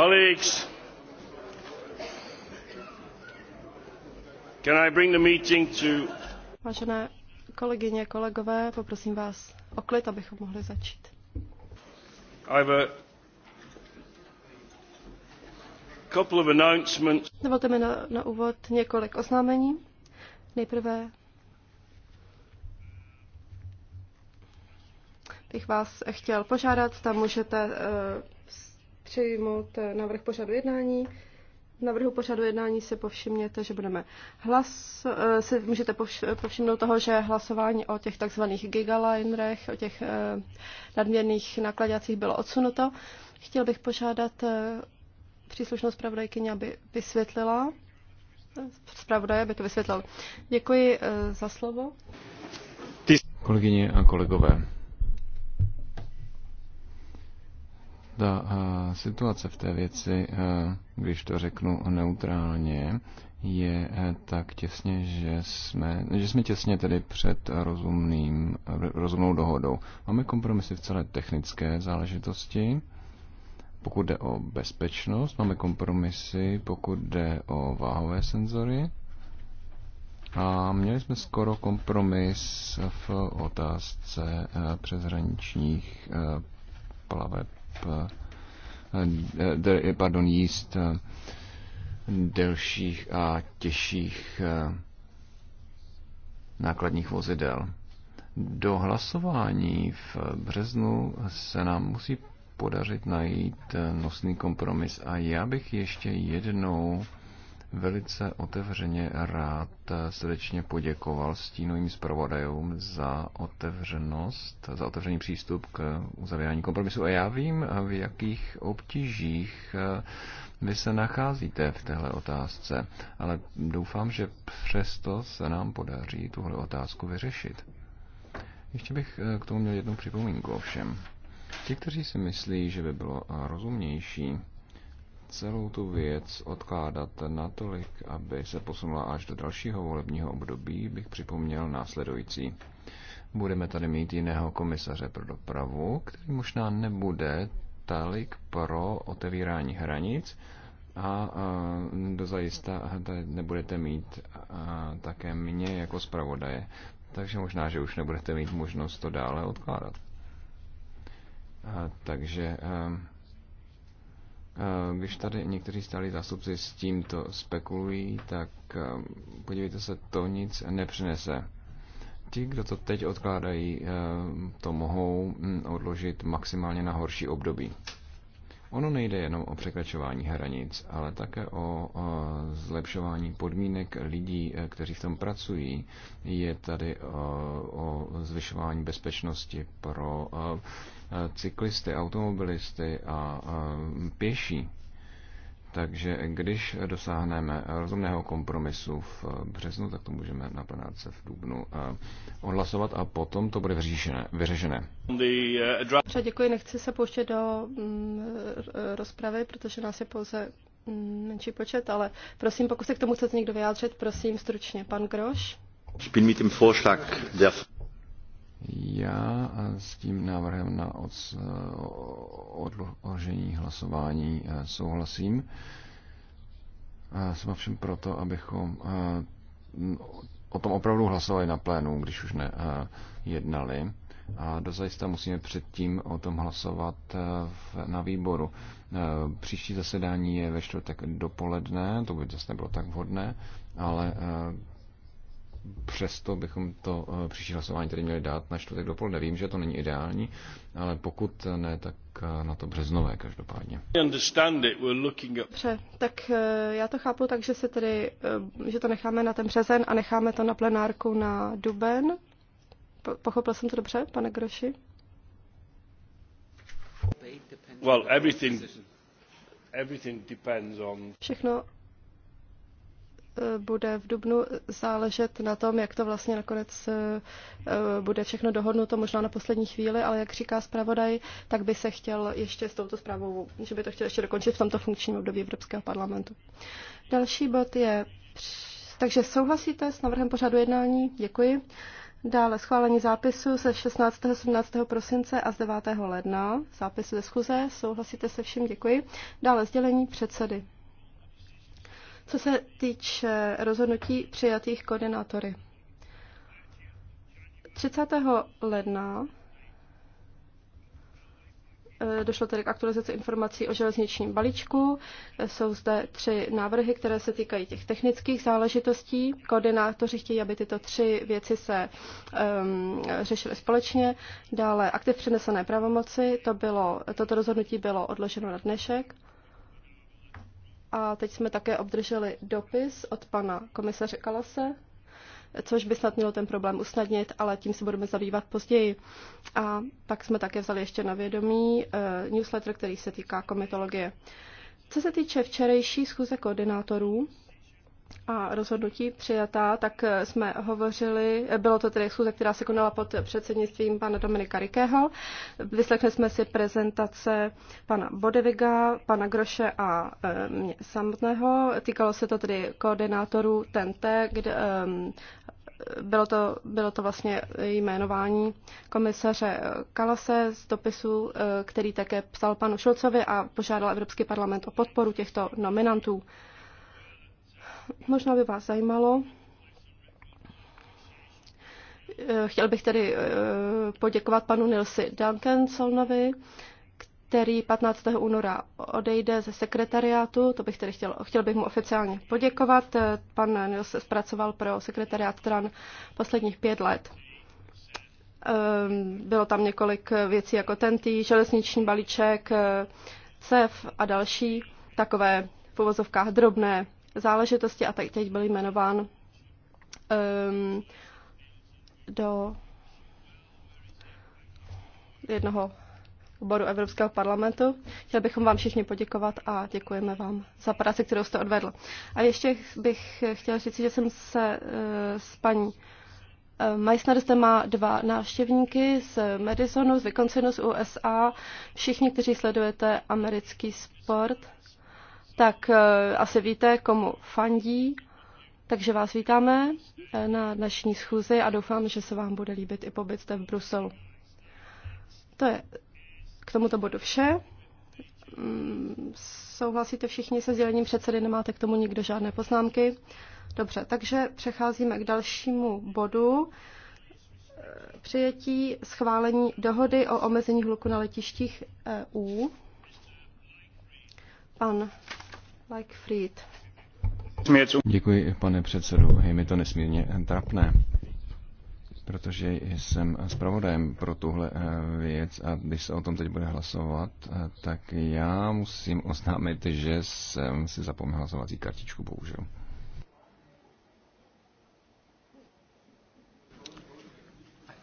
Colleagues, can I bring the meeting to... Vážené kolegyně, kolegové, poprosím vás o klid, abychom mohli začít. Dovolte mi na, na úvod několik oznámení. Nejprve bych vás chtěl požádat, tam můžete eh, přijmout eh, návrh pořadu jednání. V návrhu pořadu jednání si povšimněte, že budeme hlas, eh, si můžete povšimnout toho, že hlasování o těch takzvaných gigalinerech, o těch eh, nadměrných nakladacích bylo odsunuto. Chtěl bych požádat příslušnou zpravodajkyni, aby vysvětlila, zpravodaj, aby to vysvětlil. Děkuji za slovo. Kolegyně a kolegové, ta eh, situace v té věci, eh, když to řeknu neutrálně, je eh, tak těsně, že jsme, že jsme těsně tedy před rozumným, rozumnou dohodou. Máme kompromisy v celé technické záležitosti, pokud jde o bezpečnost, máme kompromisy, pokud jde o váhové senzory. A měli jsme skoro kompromis v otázce přeshraničních plaveb Eh, eh, eh, pardon, jíst delších a těžších nákladních vozidel. Do hlasování v březnu se nám musí podařit najít nosný kompromis a já bych ještě jednou velice otevřeně rád srdečně poděkoval stínovým zpravodajům za otevřenost, za otevřený přístup k uzavírání kompromisu. A já vím, v jakých obtížích vy se nacházíte v téhle otázce, ale doufám, že přesto se nám podaří tuhle otázku vyřešit. Ještě bych eh, k tomu měl jednu připomínku ovšem. Ti, kteří si myslí, že by bylo eh, rozumnější celou tu věc odkládat natolik, aby se posunula až do dalšího volebního období, bych připomněl následující. Budeme tady mít jiného komisaře pro dopravu, který možná nebude talik pro otevírání hranic a dozajista nebudete mít a, také mě jako zpravodaje, takže možná, že už nebudete mít možnost to dále odkládat. A, takže a, ehm, Eh, když tady někteří stáli zástupci s tímto spekulují, tak eh, podívejte se, to nic nepřinese. Ti, kdo to teď odkládají, eh, to mohou hm, odložit maximálně na horší období. Ono nejde jenom o překračování hranic, ale také o, zlepšování podmínek lidí, eh, kteří v tom pracují. Je tady eh, o, zvyšování bezpečnosti pro eh, cyklisty, automobilisty a pěší. Takže když dosáhneme rozumného kompromisu v březnu, tak to můžeme na plenárce v dubnu eh, odhlasovat a potom to bude vyřešené. děkuji. Nechci se pouštět do mm, rozpravy, protože nás je pouze mm, menší počet, ale prosím, pokud se k tomu chcete někdo vyjádřit, prosím stručně. Pan Groš. Ich bin mit dem Vorschlag der já s tím návrhem na eh, odložení hlasování eh, souhlasím. Jsem všem proto, abychom eh, o tom opravdu hlasovali na plénu, když už nejednali, a A dozajista musíme předtím o tom hlasovat na výboru. Příští zasedání je ve čtvrtek dopoledne, to by zase nebylo tak vhodné, ale přesto bychom to eh, příští hlasování tedy měli dát na čtvrtek dopoledne. Vím, že to není ideální, ale pokud ne, tak eh, na to březnové každopádně. Dobře, tak eh, já to chápu tak, že, se tedy, že to necháme na ten březen a necháme to na plenárku na duben. Pochopil jsem to dobře, pane Groši? Well, everything, everything depends on... Všechno Eh, bude v Dubnu záležet na tom, jak to vlastně nakonec eh, eh, bude všechno dohodnuto, možná na poslední chvíli, ale jak říká zpravodaj, tak by se chtěl ještě s touto zprávou, že by to chtěl ještě dokončit v tomto funkčním období Evropského parlamentu. Další bod je, takže souhlasíte s návrhem pořadu jednání? Děkuji. Dále schválení zápisu ze 16. 17. prosince a z 9. ledna. Zápisu ze schůze. Souhlasíte se vším? Děkuji. Dále sdělení předsedy. Co se týče rozhodnutí přijatých koordinátory. 30. ledna eh, došlo tedy k aktualizaci informací o železničním balíčku. Jsou zde tři návrhy, které se týkají těch technických záležitostí. Koordinátoři chtějí, aby tyto tři věci se um, řešily společně. Dále aktiv přenesené pravomoci, to bylo, toto rozhodnutí bylo odloženo na dnešek. A teď jsme také obdrželi dopis od pana komisaře Kalase, což by snad mělo ten problém usnadnit, ale tím se budeme zabývat později. A pak jsme také vzali ještě na vědomí uh, newsletter, který se týká komitologie. Co se týče včerejší schůze koordinátorů, a rozhodnutí přijatá, tak jsme hovořili, bylo to tedy schůze, která se konala pod předsednictvím pana Dominika Rikého. Vyslechli jsme si prezentace pana Bodeviga, pana Groše a mě samotného. Týkalo se to tedy koordinátorů TNT, kde, um, bylo to, bylo to vlastně jmenování komisaře Kalase z dopisu, eh, který také psal panu Šulcovi a požádal Evropský parlament o podporu těchto nominantů. Možná by vás zajímalo, eh, Chtěl bych tedy eh, poděkovat panu Nilsi Dantensonovi, který 15. února odejde ze sekretariátu. To bych tedy chtěl, chtěl bych mu oficiálně poděkovat. Eh, pan Nils zpracoval pro sekretariát stran posledních pět let. Ehm, bylo tam několik věcí jako tentý, železniční balíček, CEF a další takové v uvozovkách drobné záležitosti a tak teď byl jmenován um, do jednoho oboru Evropského parlamentu. Chtěl bychom vám všichni poděkovat a děkujeme vám za práci, kterou jste odvedl. A ještě bych chtěla říct, že jsem se eh, s paní eh, Meissner zde má dva návštěvníky z Madisonu, z Wisconsinu, z USA. Všichni, kteří sledujete americký sport, tak eh, asi víte, komu fandí. Takže vás vítáme eh, na dnešní schůzi a doufám, že se vám bude líbit i pobyt zde v Bruselu. To je k tomuto bodu vše. Mm, souhlasíte všichni se sdělením předsedy, nemáte k tomu nikdo žádné poznámky? Dobře, takže přecházíme k dalšímu bodu. Eh, přijetí schválení dohody o omezení hluku na letištích EU. Pan Like Fried. Děkuji, pane předsedu. Je mi to nesmírně trapné, protože jsem zpravodajem pro tuhle eh, věc a když se o tom teď bude hlasovat, eh, tak já musím oznámit, že jsem si zapomněl hlasovací kartičku, bohužel.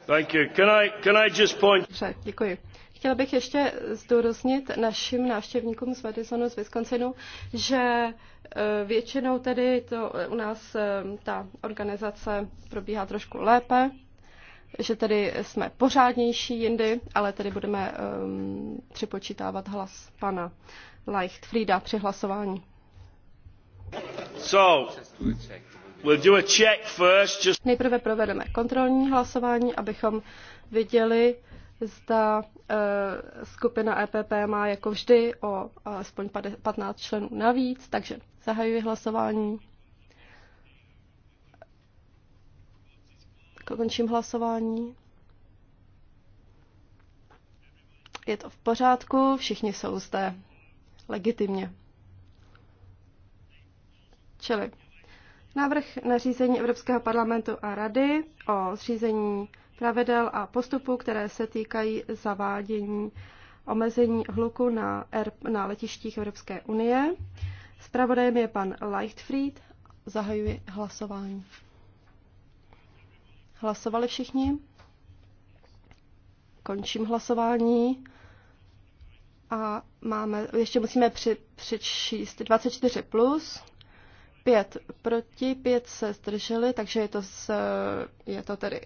Thank you. Can I, can I just point... děkuji. Chtěla bych ještě zdůraznit našim návštěvníkům z Madisonu, z Wisconsinu, že e, většinou tedy to e, u nás e, ta organizace probíhá trošku lépe, že tedy jsme pořádnější jindy, ale tedy budeme um, připočítávat hlas pana Leichtfrieda při hlasování. So, we'll do a check first, just... Nejprve provedeme kontrolní hlasování, abychom viděli, zda eh, skupina EPP má jako vždy o alespoň 15 členů navíc, takže zahajuji hlasování. Končím hlasování. Je to v pořádku, všichni jsou zde legitimně. Čili návrh nařízení Evropského parlamentu a rady o zřízení pravidel a postupů, které se týkají zavádění omezení hluku na, er, na letištích Evropské unie. Spravodajem je pan Leichtfried. Zahajuji hlasování. Hlasovali všichni? Končím hlasování. A máme, ještě musíme při, přičíst 24 plus, 5 proti, 5 se zdrželi, takže je to, z, je to tedy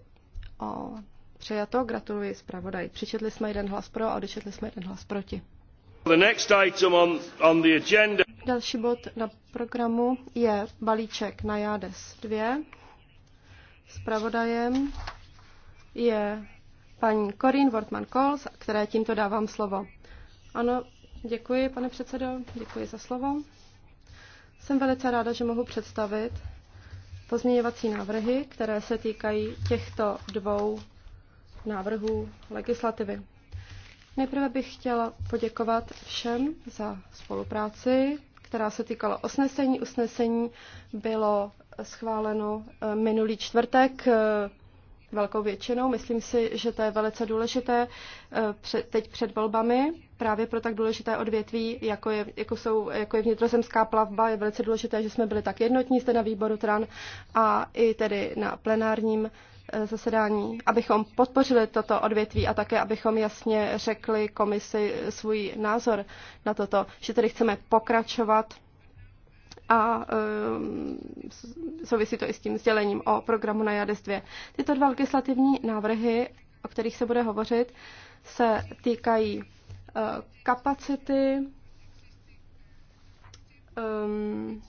o přijato. Gratuluji zpravodaj. Přičetli jsme jeden hlas pro a odečetli jsme jeden hlas proti. The next item on, on the agenda. Další bod na programu je balíček na JADES 2. Zpravodajem je paní Corinne wortmann kols které tímto dávám slovo. Ano, děkuji, pane předsedo, děkuji za slovo. Jsem velice ráda, že mohu představit pozměňovací návrhy, které se týkají těchto dvou návrhů legislativy. Nejprve bych chtěla poděkovat všem za spolupráci, která se týkala usnesení. Usnesení bylo schváleno eh, minulý čtvrtek eh, velkou většinou. Myslím si, že to je velice důležité eh, teď před volbami. Právě pro tak důležité odvětví, jako je, jako jsou, jako je vnitrozemská plavba, je velice důležité, že jsme byli tak jednotní zde na výboru TRAN a i tedy na plenárním eh, zasedání, abychom podpořili toto odvětví a také, abychom jasně řekli komisi eh, svůj názor na toto, že tedy chceme pokračovat a eh, souvisí to i s tím sdělením o programu na JADES 2. Tyto dva legislativní návrhy, o kterých se bude hovořit, se týkají eh, kapacity um,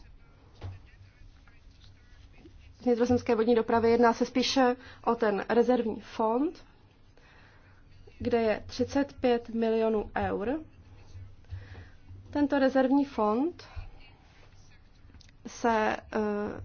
vnitrozemské vodní dopravy. Jedná se spíše o ten rezervní fond, kde je 35 milionů eur. Tento rezervní fond se eh,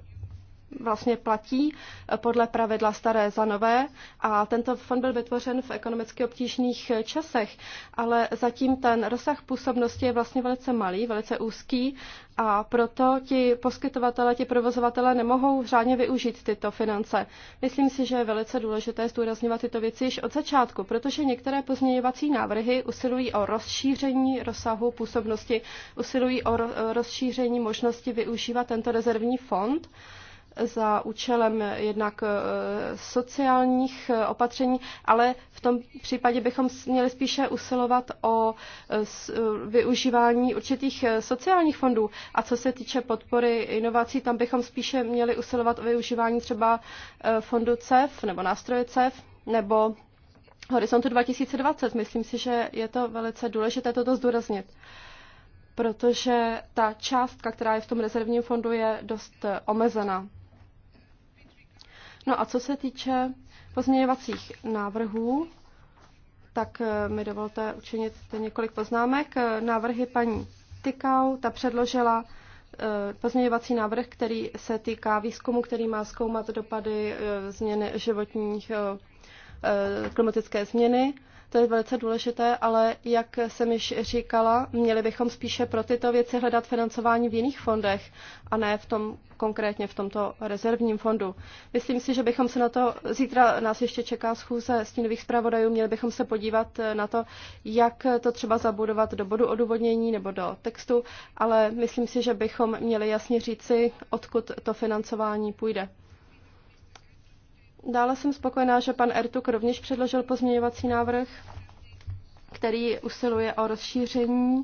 vlastně platí eh, podle pravidla staré za nové a tento fond byl vytvořen v ekonomicky obtížných eh, časech, ale zatím ten rozsah působnosti je vlastně velice malý, velice úzký a proto ti poskytovatele, ti provozovatele nemohou řádně využít tyto finance. Myslím si, že je velice důležité zdůrazňovat tyto věci již od začátku, protože některé pozměňovací návrhy usilují o rozšíření rozsahu působnosti, usilují o rozšíření možnosti využívat tento rezervní fond, za účelem jednak eh, sociálních eh, opatření, ale v tom případě bychom měli spíše usilovat o eh, využívání určitých sociálních fondů. A co se týče podpory inovací, tam bychom spíše měli usilovat o využívání třeba fondu CEF nebo nástroje CEF nebo Horizontu 2020. Myslím si, že je to velice důležité toto zdůraznit protože ta částka, která je v tom rezervním fondu, je dost omezená. No a co se týče pozměňovacích návrhů, tak eh, mi dovolte učinit několik poznámek. Návrhy paní Tykau, ta předložila eh, pozměňovací návrh, který se týká výzkumu, který má zkoumat dopady eh, změny životních klimatické změny to je velice důležité, ale jak jsem již říkala, měli bychom spíše pro tyto věci hledat financování v jiných fondech a ne v tom konkrétně v tomto rezervním fondu. Myslím si, že bychom se na to, zítra nás ještě čeká schůze stínových zpravodajů, měli bychom se podívat na to, jak to třeba zabudovat do bodu odůvodnění nebo do textu, ale myslím si, že bychom měli jasně říci, odkud to financování půjde. Dále jsem spokojená, že pan Ertuk rovněž předložil pozměňovací návrh, který usiluje o rozšíření eh,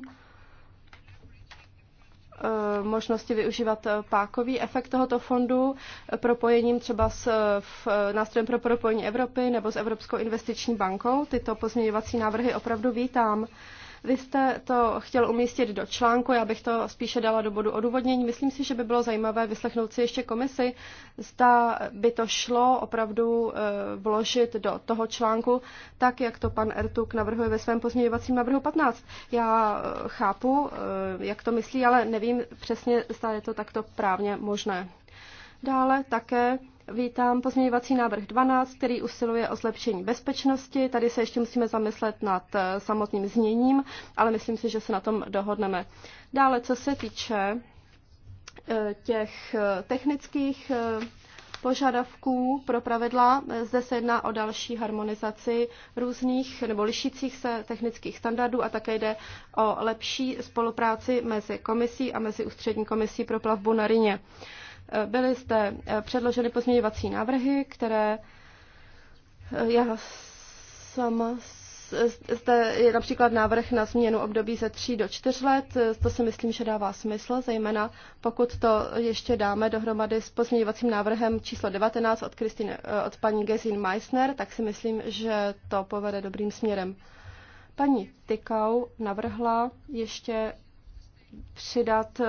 možnosti využívat eh, pákový efekt tohoto fondu propojením třeba s eh, v nástrojem pro propojení Evropy nebo s Evropskou investiční bankou. Tyto pozměňovací návrhy opravdu vítám. Vy jste to chtěl umístit do článku, já bych to spíše dala do bodu odůvodnění. Myslím si, že by bylo zajímavé vyslechnout si ještě komisi, zda by to šlo opravdu eh, vložit do toho článku, tak jak to pan Ertuk navrhuje ve svém pozměňovacím návrhu 15. Já eh, chápu, eh, jak to myslí, ale nevím přesně, zda je to takto právně možné. Dále také Vítám pozměňovací návrh 12, který usiluje o zlepšení bezpečnosti. Tady se ještě musíme zamyslet nad eh, samotným zněním, ale myslím si, že se na tom dohodneme. Dále, co se týče eh, těch eh, technických požadavků pro pravidla. Zde se jedná o další harmonizaci různých nebo lišících se technických standardů a také jde o lepší spolupráci mezi komisí a mezi ústřední komisí pro plavbu na Rině. Uh, Byly zde eh, předloženy pozměňovací návrhy, které eh, já sama zde je například návrh na změnu období ze tří do čtyř let. To si myslím, že dává smysl, zejména pokud to ještě dáme dohromady s pozměňovacím návrhem číslo 19 od, Christine, eh, od paní Gesin Meissner, tak si myslím, že to povede dobrým směrem. Paní Tykau navrhla ještě přidat eh,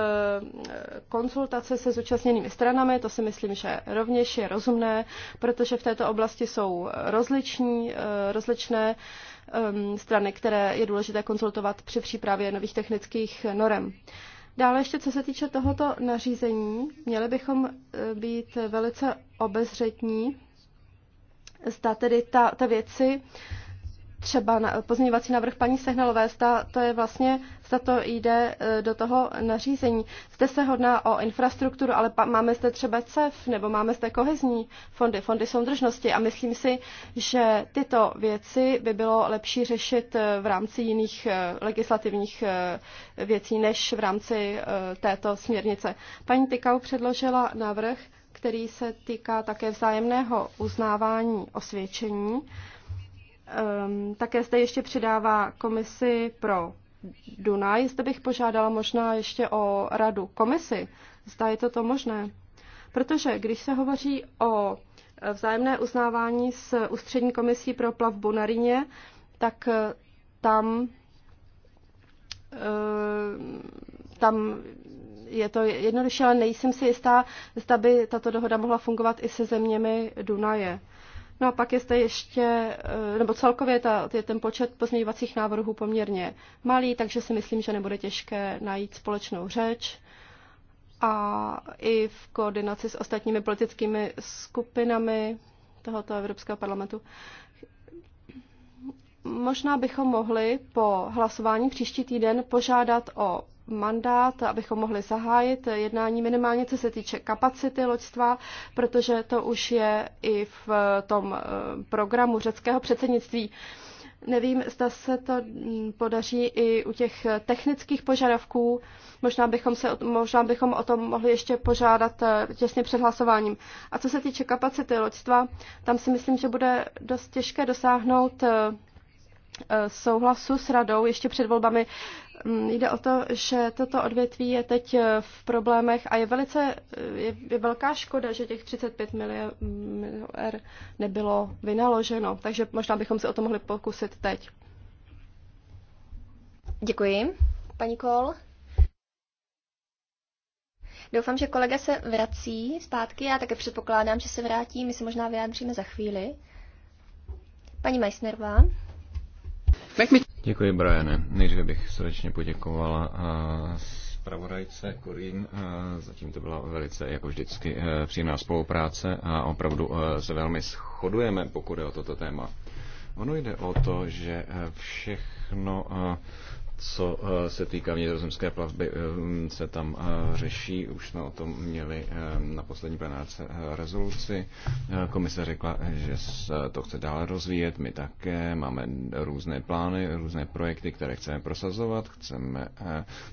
konzultace se zúčastněnými stranami, to si myslím, že rovněž je rozumné, protože v této oblasti jsou rozliční, eh, rozličné ehm, strany, které je důležité konzultovat při přípravě nových technických norem. Dále ještě, co se týče tohoto nařízení, měli bychom eh, být velice obezřetní, zda tedy ta, ta věci, třeba na pozměňovací návrh paní Sehnalové, zda to je vlastně, zda to jde e, do toho nařízení. Zde se hodná o infrastrukturu, ale máme zde třeba CEF nebo máme zde kohezní fondy, fondy soudržnosti a myslím si, že tyto věci by bylo lepší řešit e, v rámci jiných e, legislativních věcí než v rámci této směrnice. Paní Tykau předložila návrh, který se týká také vzájemného uznávání osvědčení Ehm, také zde ještě přidává komisi pro Dunaj. Zde bych požádala možná ještě o radu komisi. Zda je toto možné? Protože když se hovoří o vzájemné uznávání s Ústřední komisí pro plavbu na Rině, tak eh, tam, eh, tam je to jednodušší, ale nejsem si jistá, zda by tato dohoda mohla fungovat i se zeměmi Dunaje. No a pak je zde ještě, eh, nebo celkově ta, je ten počet pozměňovacích návrhů poměrně malý, takže si myslím, že nebude těžké najít společnou řeč. A i v koordinaci s ostatními politickými skupinami tohoto Evropského parlamentu. Možná bychom mohli po hlasování příští týden požádat o mandát, abychom mohli zahájit jednání minimálně, co se týče kapacity loďstva, protože to už je i v tom eh, programu řeckého předsednictví. Nevím, zda se to hm, podaří i u těch technických požadavků. Možná bychom, se, možná bychom o tom mohli ještě požádat eh, těsně před hlasováním. A co se týče kapacity loďstva, tam si myslím, že bude dost těžké dosáhnout eh, Eh, souhlasu s radou ještě před volbami. Mm, jde o to, že toto odvětví je teď eh, v problémech a je velice eh, je, je velká škoda, že těch 35 milionů R er nebylo vynaloženo. Takže možná bychom se o to mohli pokusit teď. Děkuji. Paní Kol? Doufám, že kolega se vrací zpátky. Já také předpokládám, že se vrátí. My se možná vyjádříme za chvíli. Paní Meissnerová. Děkuji, Briane. Nejdříve bych srdečně poděkovala eh, zpravodajce Korín. Eh, zatím to byla velice, jako vždycky, eh, příjemná spolupráce a opravdu se velmi shodujeme, pokud je o toto téma. Ono jde o to, že všechno co eh, se týká vnitrozemské plavby, eh, se tam eh, řeší. Už jsme o tom měli na poslední plenárce rezoluci. Komise řekla, že to chce dále rozvíjet. My také máme různé plány, různé projekty, které chceme prosazovat. Chceme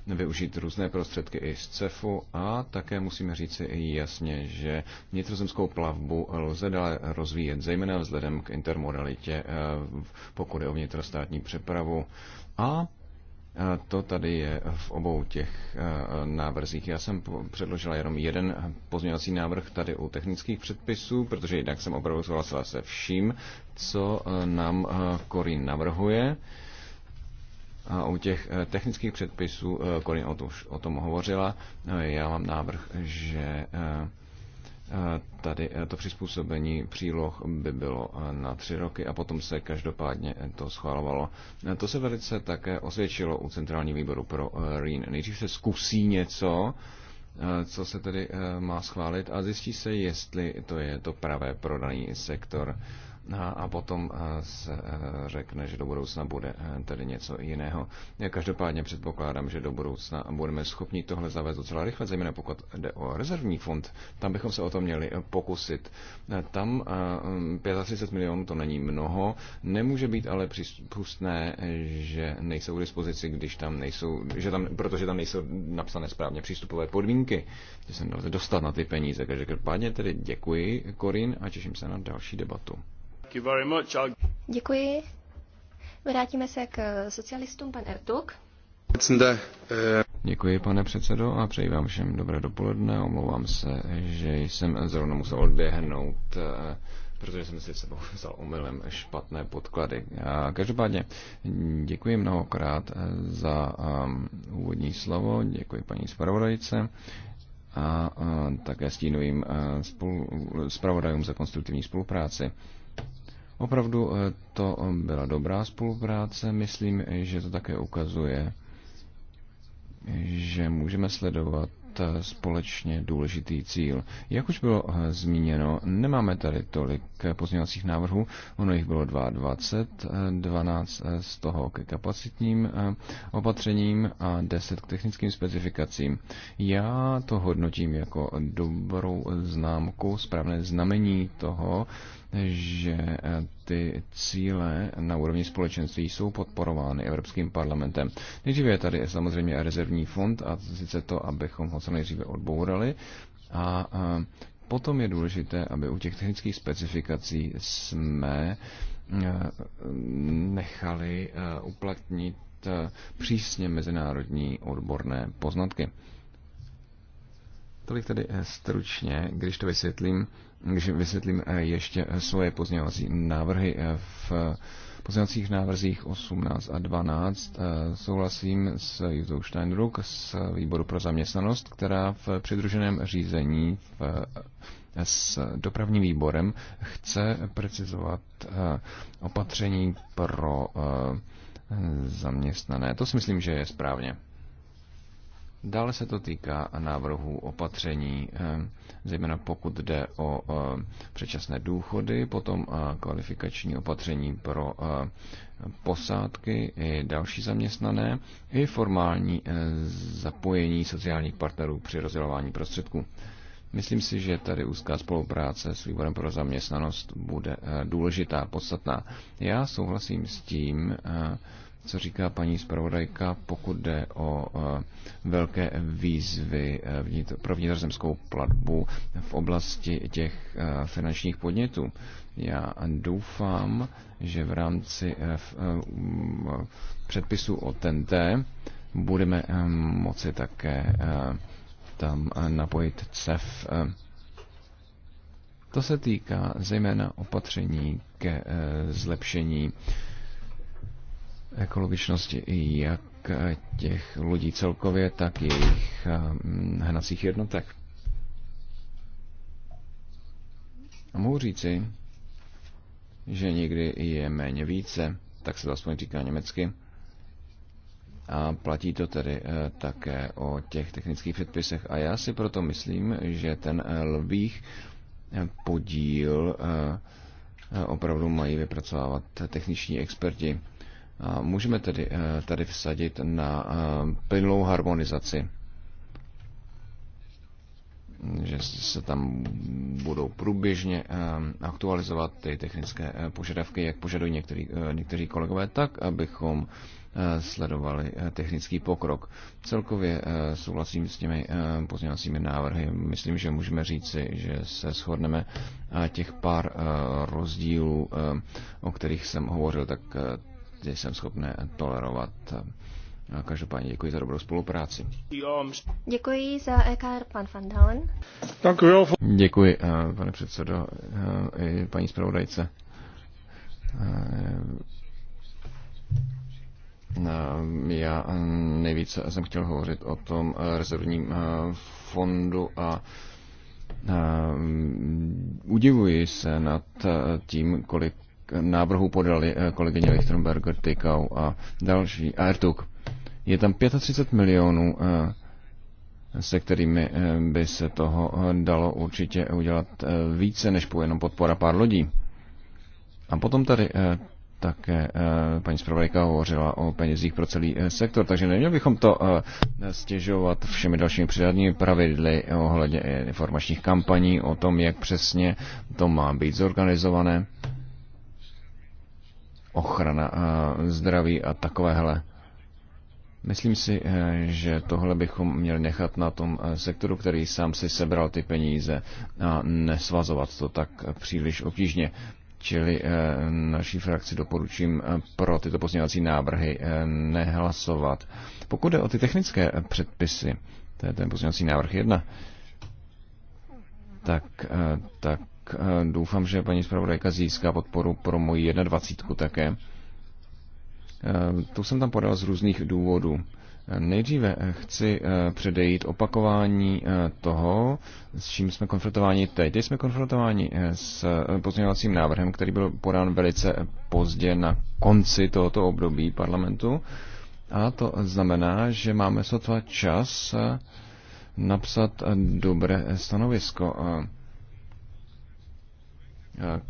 využít různé prostředky i z CEFu a také musíme říci jasně, že vnitrozemskou plavbu lze dále rozvíjet, zejména vzhledem k intermodalitě, pokud je o vnitrostátní přepravu. A to tady je v obou těch e, návrzích. Já jsem předložila jenom jeden pozměňovací návrh tady u technických předpisů, protože jinak jsem opravdu souhlasila se vším, co e, nám Korin e, navrhuje. A u těch technických předpisů, Korin o, to, o tom hovořila, já mám návrh, že Eh, tady eh, to přizpůsobení příloh by bylo eh, na tři roky a potom se každopádně to schvalovalo. To se velice také osvědčilo u Centrální výboru pro RIN. Nejdřív se zkusí něco, co se tedy má schválit a zjistí se, jestli to je to pravé pro daný sektor a potom se e, řekne, že do budoucna bude e, tady něco jiného. Každopádně předpokládám, že do budoucna budeme schopni tohle zavést docela rychle, zejména pokud jde o rezervní fond. Tam bychom se o to měli e, pokusit. Tam 35 milionů to není mnoho, nemůže být ale přípustné, že nejsou k dispozici, když tam nejsou, že tam, protože tam nejsou napsané správně přístupové podmínky, že se dostat na ty peníze. každopádně tedy děkuji, Korin, a těším se na další debatu. Děkuji. Vrátíme se k socialistům, pan Ertuk. Eh, děkuji, pane předsedo, a přeji vám všem dobré dopoledne. Omlouvám se, že jsem zrovna musel odběhnout, eh, protože jsem si sebou vzal omylem špatné podklady. Každopádně děkuji mnohokrát eh, za ehm, úvodní slovo, děkuji paní zpravodajce a také stínovým spolu, za konstruktivní spolupráci. Opravdu eh, to eh, byla dobrá spolupráce. Myslím, eh, že to také ukazuje, že můžeme sledovat společně důležitý cíl. Jak už bylo zmíněno, nemáme tady tolik pozměňovacích návrhů, ono jich bylo 22, 12 z toho ke kapacitním opatřením a 10 k technickým specifikacím. Já to hodnotím jako dobrou známku, správné znamení toho, že eh, ty cíle na úrovni společenství jsou podporovány Evropským parlamentem. Nejdříve je tady samozřejmě rezervní fond a sice to, abychom ho co nejdříve odbourali a eh, potom je důležité, aby u těch technických specifikací jsme eh, nechali uplatnit přísně mezinárodní odborné poznatky. Tolik tedy stručně, když to vysvětlím, když vysvětlím eh, ještě eh, svoje pozměňovací návrhy eh, v pozměňovacích návrzích 18 a 12 souhlasím s Jutou Steinruck z výboru pro zaměstnanost, která v přidruženém řízení v, s dopravním výborem chce precizovat opatření pro zaměstnané. To si myslím, že je správně. Dále se to týká návrhů opatření, eh, zejména pokud jde o eh, předčasné důchody, potom eh, kvalifikační opatření pro posádky i další zaměstnané, i formální zapojení sociálních partnerů při rozdělování prostředků. Myslím si, že tady úzká spolupráce s výborem pro zaměstnanost bude důležitá, podstatná. Já souhlasím s tím, co říká paní zpravodajka, pokud jde o eh, velké výzvy eh, pro vnitrozemskou platbu v oblasti těch eh, finančních podnětů. Já doufám, že v rámci předpisu o TNT budeme moci také tam napojit CEF. To se týká zejména opatření ke zlepšení ekologičnosti jak těch lidí celkově, tak jejich ehm, hnacích jednotek. A mohu říci, že někdy je méně více, tak se to aspoň říká německy. A platí to tedy eh, také o těch technických předpisech. A já si proto myslím, že ten eh, lvých eh, podíl opravdu mají vypracovávat techniční experti a můžeme tedy eh, tady vsadit na eh, plynulou harmonizaci že se tam budou průběžně eh, aktualizovat ty technické požadavky, jak požadují některý, někteří kolegové, tak, abychom sledovali technický pokrok. Celkově souhlasím s těmi pozměňovacími návrhy. Myslím, že můžeme říci, že se shodneme a těch pár rozdílů, o kterých jsem hovořil, tak že jsem schopné tolerovat. Každopádně děkuji za dobrou spolupráci. Děkuji za EKR, pan Van Dalen. Děkuji, eh, pane předsedo eh, i paní zpravodajce. Eh, já nejvíce jsem chtěl hovořit o tom rezervním fondu a udivuji se nad tím, kolik návrhu podali eh, kolegyně Lichtenberger, Tykau a další, a Ertuk. Je tam 35 milionů, eh, se kterými eh, by se toho dalo určitě udělat více než po jenom podpora pár lodí. A potom tady také paní zpravodajka hovořila o penězích pro celý sektor, takže neměli bychom to stěžovat všemi dalšími přidatními pravidly ohledně informačních kampaní, o tom, jak přesně to má být zorganizované ochrana eh, zdraví a takovéhle. Myslím si, eh, že tohle bychom měli nechat na tom eh, sektoru, který sám si sebral ty peníze a nesvazovat to tak příliš obtížně. Čili naší frakci doporučím pro tyto pozměňovací návrhy nehlasovat. Pokud jde o ty technické předpisy, to je ten pozměňovací návrh 1, tak, tak Eh, doufám, že paní zpravodajka získá podporu pro moji 21 také. Eh, tu jsem tam podal z různých důvodů. Eh, nejdříve chci předejít opakování toho, s čím jsme konfrontováni teď. Teď jsme konfrontováni s pozměňovacím návrhem, který byl podán velice pozdě na konci tohoto období parlamentu. A to znamená, že máme sotva čas napsat dobré stanovisko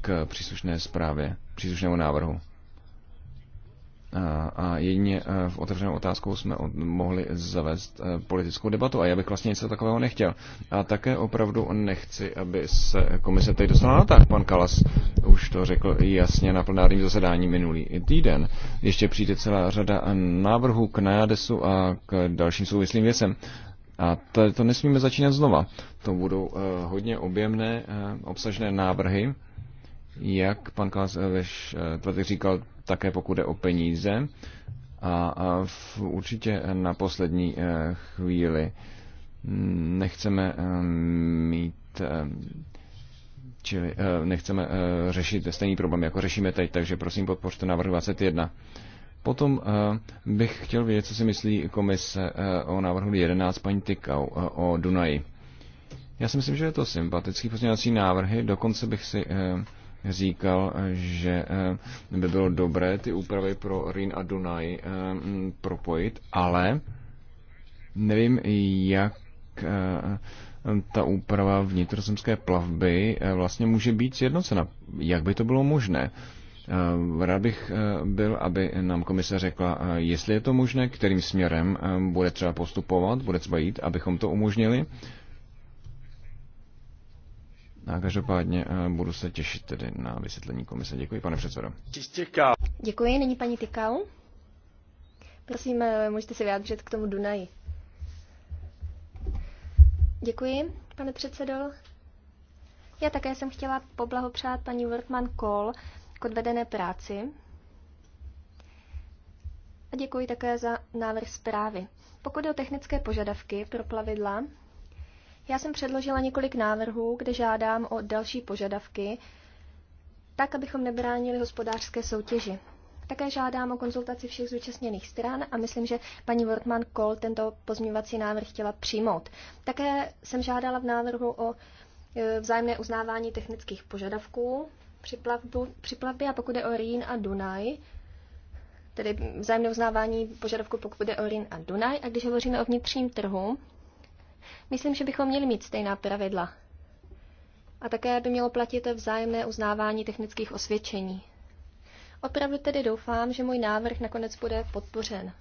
k příslušné zprávě, příslušnému návrhu. A jedině e, v otevřenou otázkou jsme mohli zavést e, politickou debatu a já bych vlastně něco takového nechtěl. A také opravdu nechci, aby se komise teď dostala na tak. Pan Kalas už to řekl jasně na plenárním zasedání minulý týden. Ještě přijde celá řada návrhů k NAJADESu a k dalším souvislým věcem. A to, to nesmíme začínat znova. To budou e, hodně objemné, obsažné návrhy, jak pan Klas eh, tady říkal, také pokud jde o peníze a, a v, určitě na poslední eh, chvíli hm, nechceme eh, mít čili nechceme řešit stejný problém, jako řešíme teď, takže prosím podpořte návrh 21. Potom bych chtěl vědět, co si myslí komise o návrhu 11 paní Tykau o Dunaji. Já si myslím, že je to sympatický pozměňovací návrhy, dokonce bych si říkal, že eh, by bylo dobré ty úpravy pro Rin a Dunaj eh, propojit, ale nevím, jak eh, ta úprava vnitrozemské plavby vlastně může být sjednocena. Jak by to bylo možné? Rád bych byl, aby nám komise řekla, jestli je to možné, kterým směrem bude třeba postupovat, bude třeba jít, abychom to umožnili. A každopádně eh, budu se těšit tedy na vysvětlení komise. Děkuji, pane předsedo. Děkuji, není paní Tykal. Prosím, eh, můžete se vyjádřit k tomu Dunaji. Děkuji, pane předsedo. Já také jsem chtěla poblahopřát paní Workman Kohl k odvedené práci. A děkuji také za návrh zprávy. Pokud je o technické požadavky pro plavidla, já jsem předložila několik návrhů, kde žádám o další požadavky, tak, abychom nebránili hospodářské soutěži. Také žádám o konzultaci všech zúčastněných stran a myslím, že paní Wortmann Kohl tento pozměňovací návrh chtěla přijmout. Také jsem žádala v návrhu o e, vzájemné uznávání technických požadavků při, plavbu, při plavbě a pokud je o Rýn a Dunaj, tedy vzájemné uznávání požadavků, pokud je o Rýn a Dunaj. A když hovoříme o vnitřním trhu, Myslím, že bychom měli mít stejná pravidla. A také by mělo platit vzájemné uznávání technických osvědčení. Opravdu tedy doufám, že můj návrh nakonec bude podpořen.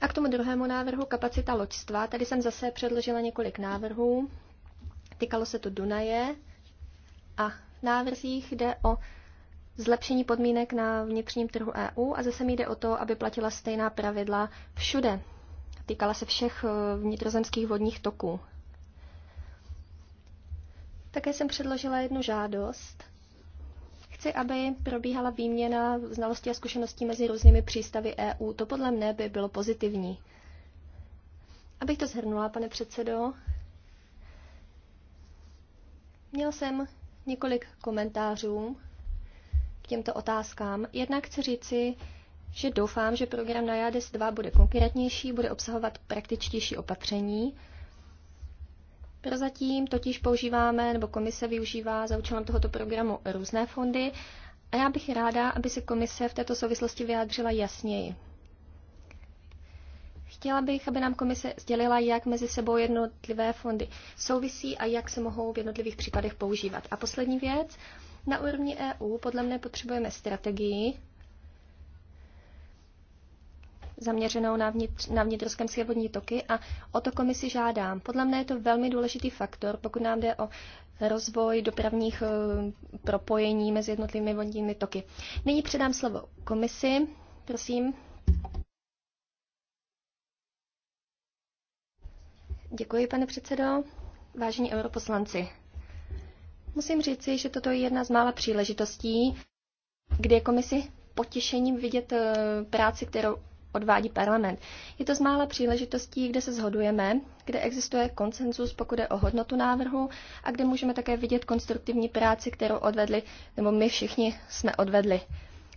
A k tomu druhému návrhu kapacita loďstva. Tady jsem zase předložila několik návrhů. Týkalo se to Dunaje a v návrzích jde o zlepšení podmínek na vnitřním trhu EU a zase mi jde o to, aby platila stejná pravidla všude týkala se všech eh, vnitrozemských vodních toků. Také jsem předložila jednu žádost. Chci, aby probíhala výměna znalostí a zkušeností mezi různými přístavy EU. To podle mne by bylo pozitivní. Abych to zhrnula, pane předsedo, měl jsem několik komentářů k těmto otázkám. Jednak chci říci, že doufám, že program na JADES 2 bude konkrétnější, bude obsahovat praktičtější opatření. Prozatím totiž používáme, nebo komise využívá za účelem tohoto programu různé fondy a já bych ráda, aby se komise v této souvislosti vyjádřila jasněji. Chtěla bych, aby nám komise sdělila, jak mezi sebou jednotlivé fondy souvisí a jak se mohou v jednotlivých případech používat. A poslední věc, na úrovni EU podle mne potřebujeme strategii, zaměřenou na, vnitř, na vnitrozemské vodní toky a o to komisi žádám. Podle mě je to velmi důležitý faktor, pokud nám jde o rozvoj dopravních eh, propojení mezi jednotlivými vodními toky. Nyní předám slovo komisi. Prosím. Děkuji, pane předsedo. Vážení europoslanci, musím říci, že toto je jedna z mála příležitostí, kdy je komisi potěšením vidět eh, práci, kterou odvádí parlament. Je to z mála příležitostí, kde se shodujeme, kde existuje konsenzus, pokud je o hodnotu návrhu a kde můžeme také vidět konstruktivní práci, kterou odvedli, nebo my všichni jsme odvedli.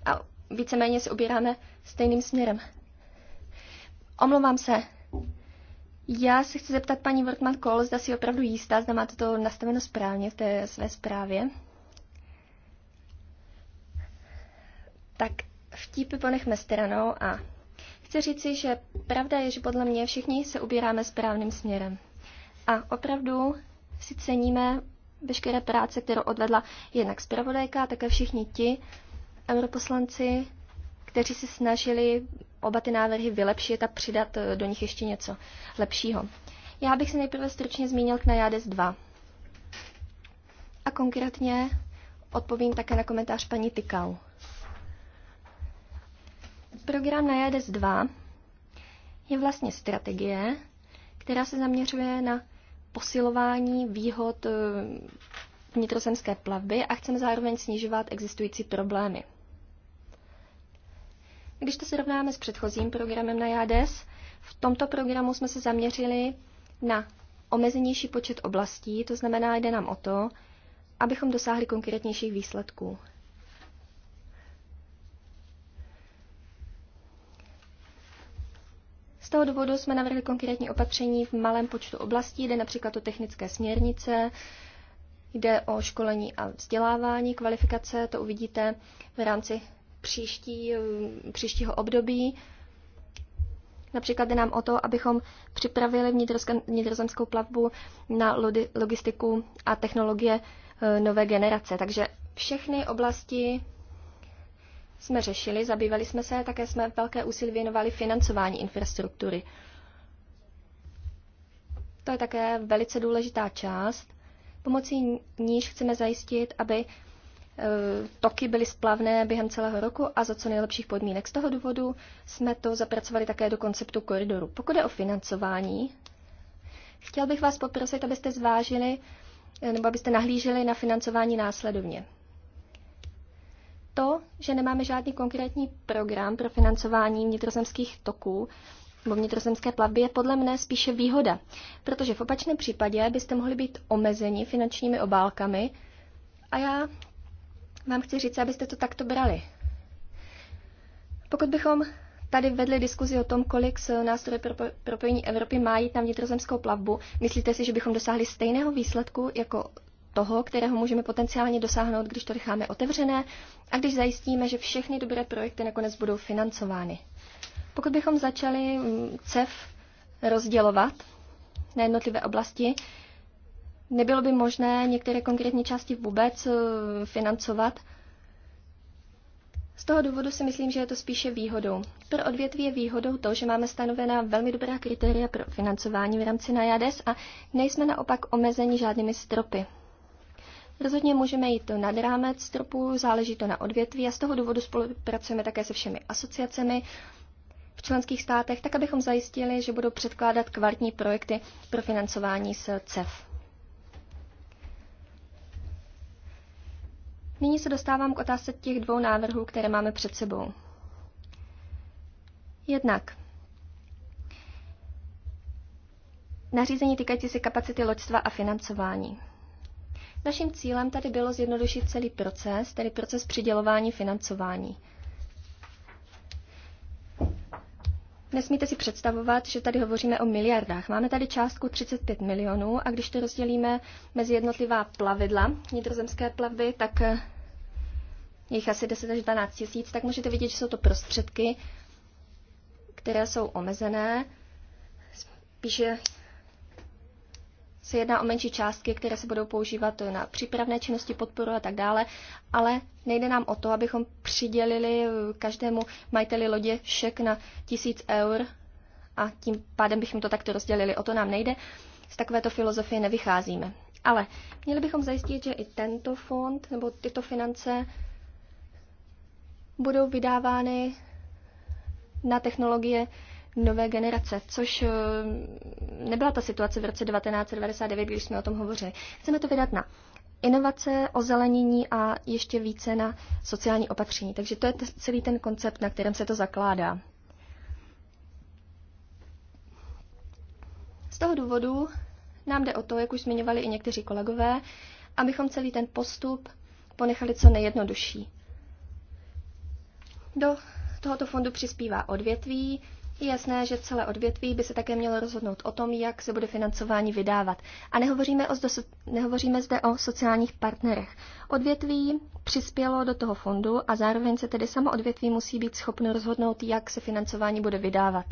A víceméně se ubíráme stejným směrem. Omlouvám se. Já se chci zeptat paní Wortmann Kohl, zda si opravdu jistá, zda máte to nastaveno správně v té své zprávě. Tak vtipy ponechme stranou a Chci říci, že pravda je, že podle mě všichni se ubíráme správným směrem. A opravdu si ceníme veškeré práce, kterou odvedla jednak zpravodajka, a také všichni ti europoslanci, kteří se snažili oba ty návrhy vylepšit a přidat eh, do nich ještě něco lepšího. Já bych se nejprve stručně zmínil k Najades 2. A konkrétně odpovím také na komentář paní Tykau. Program JADES 2 je vlastně strategie, která se zaměřuje na posilování výhod eh, vnitrozemské plavby a chceme zároveň snižovat existující problémy. Když to srovnáme s předchozím programem na JADES, v tomto programu jsme se zaměřili na omezenější počet oblastí, to znamená, jde nám o to, abychom dosáhli konkrétnějších výsledků. Z toho důvodu jsme navrhli konkrétní opatření v malém počtu oblastí, jde například o technické směrnice, jde o školení a vzdělávání, kvalifikace, to uvidíte v rámci příští, příštího období. Například jde nám o to, abychom připravili vnitrozemskou plavbu na logistiku a technologie e, nové generace. Takže všechny oblasti jsme řešili, zabývali jsme se, také jsme velké úsilí věnovali financování infrastruktury. To je také velice důležitá část. Pomocí níž chceme zajistit, aby e, toky byly splavné během celého roku a za co nejlepších podmínek. Z toho důvodu jsme to zapracovali také do konceptu koridoru. Pokud je o financování, chtěl bych vás poprosit, abyste zvážili e, nebo abyste nahlíželi na financování následovně to, že nemáme žádný konkrétní program pro financování vnitrozemských toků nebo vnitrozemské plavby, je podle mne spíše výhoda, protože v opačném případě byste mohli být omezeni finančními obálkami a já vám chci říct, abyste to takto brali. Pokud bychom tady vedli diskuzi o tom, kolik z nástroje pro propojení Evropy má jít na vnitrozemskou plavbu, myslíte si, že bychom dosáhli stejného výsledku jako toho, kterého můžeme potenciálně dosáhnout, když to necháme otevřené a když zajistíme, že všechny dobré projekty nakonec budou financovány. Pokud bychom začali mm, CEF rozdělovat na jednotlivé oblasti, nebylo by možné některé konkrétní části vůbec eh, financovat. Z toho důvodu si myslím, že je to spíše výhodou. Pro odvětví je výhodou to, že máme stanovená velmi dobrá kritéria pro financování v rámci NAJADES a nejsme naopak omezeni žádnými stropy. Rozhodně můžeme jít to nad rámec stropu, záleží to na odvětví a z toho důvodu spolupracujeme také se všemi asociacemi v členských státech, tak abychom zajistili, že budou předkládat kvalitní projekty pro financování z CEF. Nyní se dostávám k otázce těch dvou návrhů, které máme před sebou. Jednak nařízení týkající se kapacity loďstva a financování. Naším cílem tady bylo zjednodušit celý proces, tedy proces přidělování financování. Nesmíte si představovat, že tady hovoříme o miliardách. Máme tady částku 35 milionů a když to rozdělíme mezi jednotlivá plavidla, vnitrozemské plavby, tak eh, je jich asi 10 až 12 tisíc, tak můžete vidět, že jsou to prostředky, které jsou omezené. Spíše se jedná o menší částky, které se budou používat na přípravné činnosti, podporu a tak dále, ale nejde nám o to, abychom přidělili každému majiteli lodě šek na tisíc eur a tím pádem bychom to takto rozdělili. O to nám nejde, z takovéto filozofie nevycházíme. Ale měli bychom zajistit, že i tento fond nebo tyto finance budou vydávány na technologie, nové generace, což eh, nebyla ta situace v roce 1999, když jsme o tom hovořili. Chceme to vydat na inovace, ozelenění a ještě více na sociální opatření. Takže to je celý ten koncept, na kterém se to zakládá. Z toho důvodu nám jde o to, jak už zmiňovali i někteří kolegové, abychom celý ten postup ponechali co nejjednodušší. Do tohoto fondu přispívá odvětví, je jasné, že celé odvětví by se také mělo rozhodnout o tom, jak se bude financování vydávat. A nehovoříme, o zdo, nehovoříme zde o sociálních partnerech. Odvětví přispělo do toho fondu a zároveň se tedy samo odvětví musí být schopno rozhodnout, jak se financování bude vydávat.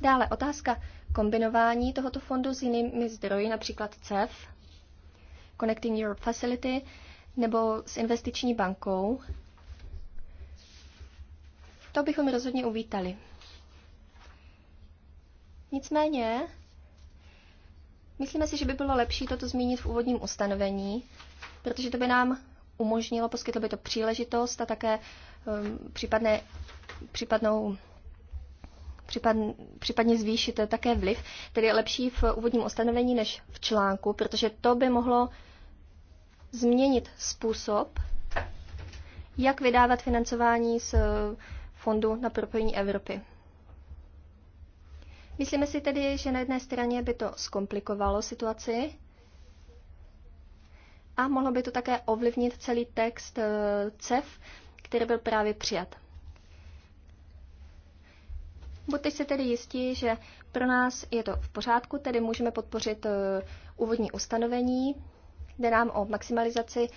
Dále otázka kombinování tohoto fondu s jinými zdroji, například CEF, Connecting Europe Facility, nebo s investiční bankou, to bychom rozhodně uvítali. Nicméně, myslíme si, že by bylo lepší toto zmínit v úvodním ustanovení, protože to by nám umožnilo, poskytlo by to příležitost a také um, případné, případnou případ, případně zvýšit také vliv, tedy je lepší v úvodním ustanovení než v článku, protože to by mohlo změnit způsob, jak vydávat financování z fondu na propojení Evropy. Myslíme si tedy, že na jedné straně by to zkomplikovalo situaci a mohlo by to také ovlivnit celý text eh, CEF, který byl právě přijat. Buďte se tedy jistí, že pro nás je to v pořádku, tedy můžeme podpořit eh, úvodní ustanovení, jde nám o maximalizaci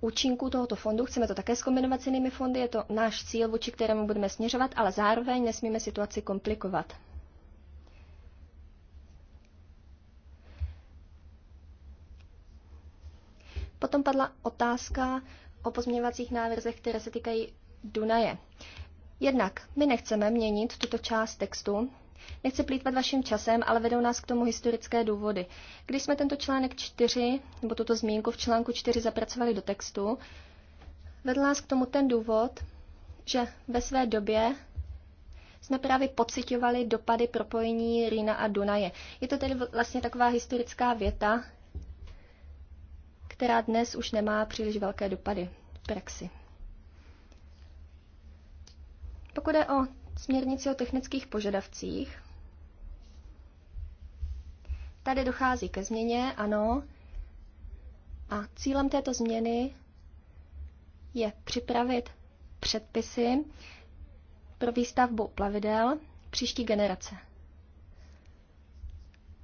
účinků tohoto fondu. Chceme to také zkombinovat s jinými fondy, je to náš cíl, vůči kterému budeme směřovat, ale zároveň nesmíme situaci komplikovat. Potom padla otázka o pozměňovacích návrzech, které se týkají Dunaje. Jednak my nechceme měnit tuto část textu, Nechci plítvat vaším časem, ale vedou nás k tomu historické důvody. Když jsme tento článek 4, nebo tuto zmínku v článku 4 zapracovali do textu, vedl nás k tomu ten důvod, že ve své době jsme právě pocitovali dopady propojení Rýna a Dunaje. Je to tedy vlastně taková historická věta, která dnes už nemá příliš velké dopady v praxi. Pokud je o směrnici o technických požadavcích. Tady dochází ke změně, ano. A cílem této změny je připravit předpisy pro výstavbu plavidel příští generace.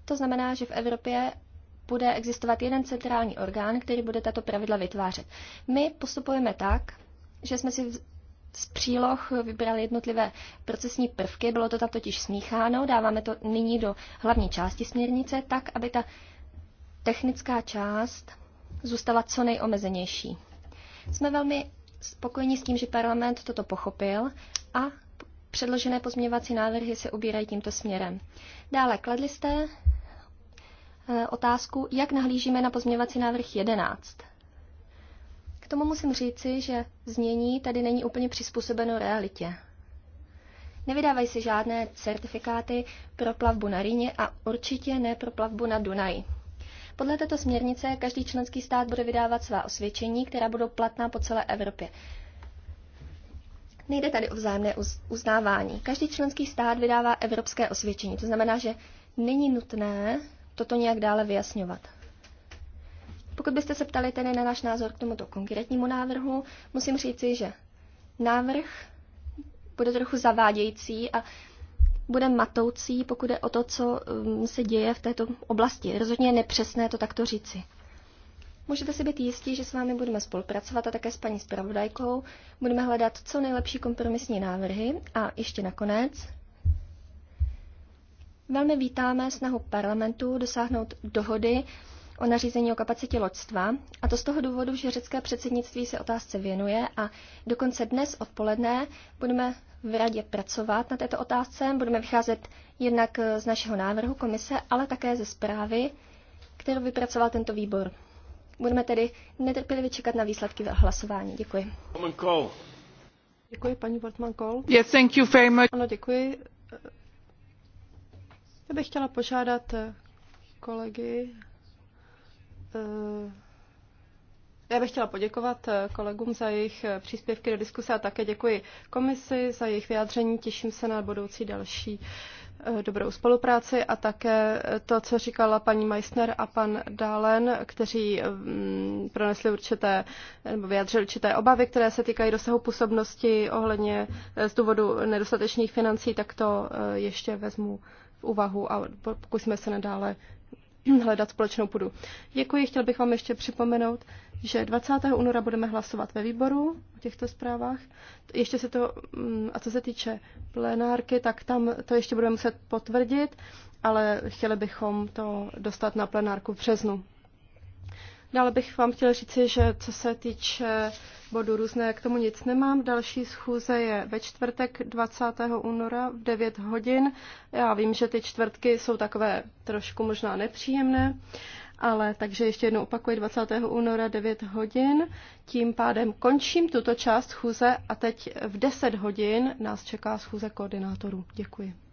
To znamená, že v Evropě bude existovat jeden centrální orgán, který bude tato pravidla vytvářet. My postupujeme tak, že jsme si z příloh vybrali jednotlivé procesní prvky, bylo to tam totiž smícháno, dáváme to nyní do hlavní části směrnice, tak, aby ta technická část zůstala co nejomezenější. Jsme velmi spokojeni s tím, že parlament toto pochopil a předložené pozměňovací návrhy se ubírají tímto směrem. Dále kladli jste eh, otázku, jak nahlížíme na pozměňovací návrh 11 tomu musím říci, že znění tady není úplně přizpůsobeno realitě. Nevydávají se žádné certifikáty pro plavbu na Rýně a určitě ne pro plavbu na Dunaji. Podle této směrnice každý členský stát bude vydávat svá osvědčení, která budou platná po celé Evropě. Nejde tady o vzájemné uznávání. Každý členský stát vydává evropské osvědčení, to znamená, že není nutné toto nějak dále vyjasňovat. Pokud byste se ptali tedy na náš názor k tomuto konkrétnímu návrhu, musím říci, že návrh bude trochu zavádějící a bude matoucí, pokud je o to, co um, se děje v této oblasti. Rozhodně je nepřesné to takto říci. Můžete si být jistí, že s vámi budeme spolupracovat a také s paní zpravodajkou. Budeme hledat co nejlepší kompromisní návrhy. A ještě nakonec. Velmi vítáme snahu parlamentu dosáhnout dohody o nařízení o kapacitě loďstva, a to z toho důvodu, že řecké předsednictví se otázce věnuje a dokonce dnes odpoledne budeme v radě pracovat na této otázce. Budeme vycházet jednak eh, z našeho návrhu komise, ale také ze zprávy, kterou vypracoval tento výbor. Budeme tedy netrpělivě čekat na výsledky hlasování. Děkuji. Děkuji, paní Bortman Kohl. Yes, thank you very much. Ano, děkuji. Eh, já bych chtěla požádat eh, kolegy Eh, já bych chtěla poděkovat eh, kolegům za jejich eh, příspěvky do diskuse a také děkuji komisi za jejich vyjádření. Těším se na budoucí další dobrou spolupráci a také to, co říkala paní Meissner a pan Dálen, kteří mm, pronesli určité, nebo vyjadřili určité obavy, které se týkají dosahu působnosti ohledně z důvodu nedostatečných financí, tak to ještě vezmu v úvahu a pokusíme se nadále hledat společnou půdu. Děkuji, chtěl bych vám ještě připomenout, že 20. února budeme hlasovat ve výboru o těchto zprávách. Ještě se to, mm, a co se týče plenárky, tak tam to ještě budeme muset potvrdit, ale chtěli bychom to dostat na plenárku v březnu. Dále no, bych vám chtěla říci, že co se týče bodu různé, k tomu nic nemám. Další schůze je ve čtvrtek 20. února v 9 hodin. Já vím, že ty čtvrtky jsou takové trošku možná nepříjemné, ale takže ještě jednou opakuji 20. února 9 hodin. Tím pádem končím tuto část schůze a teď v 10 hodin nás čeká schůze koordinátorů. Děkuji.